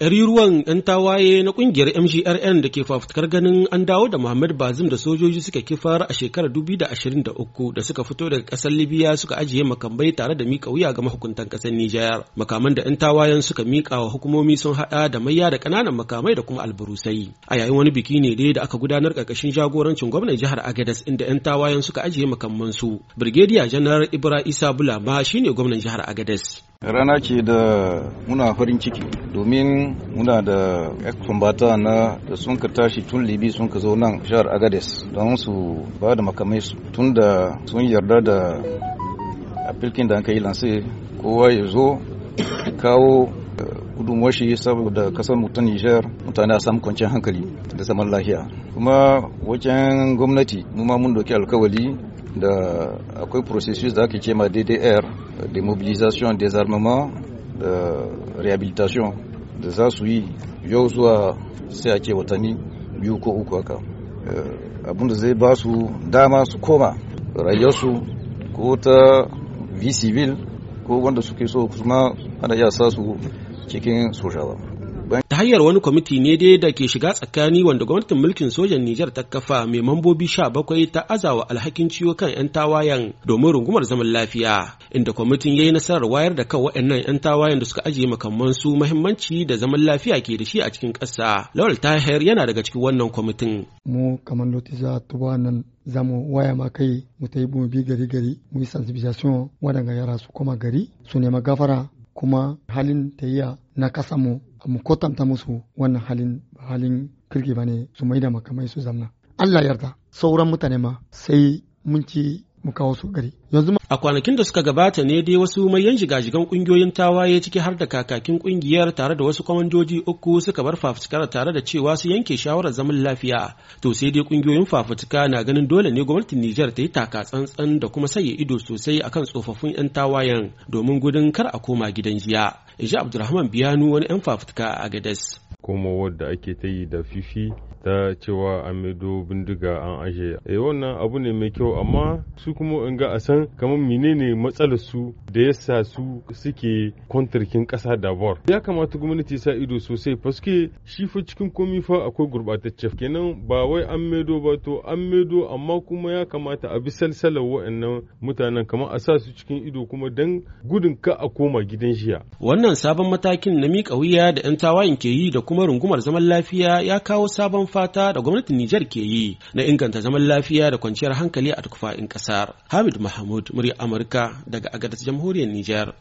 Ɗariruwan 'yan tawaye na ƙungiyar MGRN da ke fafutukar ganin an dawo da Muhammad bazim da sojoji suka kifar a shekarar 2023 da da uku suka fito daga ƙasar Libya suka ajiye makamai tare da mika wuya ga mahukuntan ƙasar Nijar. Makaman da 'yan tawayen suka mika wa hukumomi sun haɗa da mayya da ƙananan makamai da kuma alburusai. A yayin wani biki ne dai da aka gudanar ƙarƙashin jagorancin gwamnan jihar Agadez inda 'yan tawayen suka ajiye su Birgediya Janar Ibra Isa Bulama shine gwamnan jihar Agadez. Rana ce da muna farin ciki domin muna da kumbata na da sun ka tashi tun libi sun ka zo nan jihar agades don su ba da makamai su tun da sun yarda da afirkin da aka yi lansi kowa ya zo kawo eh, gudunmuwar saboda kasar mutum nijar mutane a samu kwanciyar hankali da zaman lahiya kuma wajen gwamnati mu ma mun doki alkawali da akwai processus da ake ce ma ddr demobilisation désarmement da réhabilitation da za su yi yau zuwa sai a ce watanni biyu ko uku haka eh, abinda zai ba su dama su koma rayuwarsu ko ta v civil ko wanda suke so kuma ana iya sa su cikin sojawa hanyar wani kwamiti ne dai da ke shiga tsakani wanda gwamnatin mulkin sojan Nijar ta kafa mai mambobi sha bakwai ta azawa alhakin ciwo kan 'yan tawayen domin rungumar zaman lafiya inda kwamitin ya yi nasarar wayar da kan waɗannan 'yan tawayen da suka ajiye makamman su mahimmanci da zaman lafiya ke da shi a cikin ƙasa. Lawal Tahir yana daga cikin wannan kwamitin. Mu kamar Lotija Tubanan za mu waya ma kai mu ta yi bi gari gari mu yi sensibilisation waɗanda yara su koma gari su nema gafara kuma halin tayya na kasa mu. mu kwatanta musu wannan halin halin kirki ba ne su maida makamai su zamna Allah yarda sauran mutane ma sai mun ci mu kawo su gari yanzu a kwanakin da suka gabata ne dai wasu mayan higa-shigan kungiyoyin tawaye ciki har da kakakin ƙungiyar tare da wasu kwamandoji uku suka bar fafutukar tare da cewa su yanke shawarar zaman lafiya to sai dai ƙungiyoyin fafutuka na ganin dole ne gwamnatin Nijar ta yi taka tsantsan da kuma sanya ido sosai akan tsofaffin yan tawayen domin gudun kar a koma gidan jiya Ija Abdulrahman Biyanu wani yan fafutuka a Gadas Komowar wadda ake ta yi da fifi ta cewa an bindiga an ashe e eh, wannan abu ne mai kyau amma su kuma in ga a san kamar menene matsalar su da yasa su suke kwantarkin kasa da bor ya kamata gwamnati sa ido sosai faske shi fa cikin komi fa akwai gurbatacce kenan ba wai an maido ba to an maido amma kuma ya kamata a bi salsalar wa'annan mutanen kamar a sa su cikin ido kuma dan gudun ka a koma gidan jiya wannan sabon matakin na miƙa wuya da 'yan tawayen ke yi da kuma rungumar zaman lafiya ya kawo sabon fata da gwamnatin Nijar ke yi na inganta zaman lafiya da kwanciyar hankali a duk in ƙasar. Hamid Mahmud, murya Amurka daga Agadis Jamhuriyar Nijar.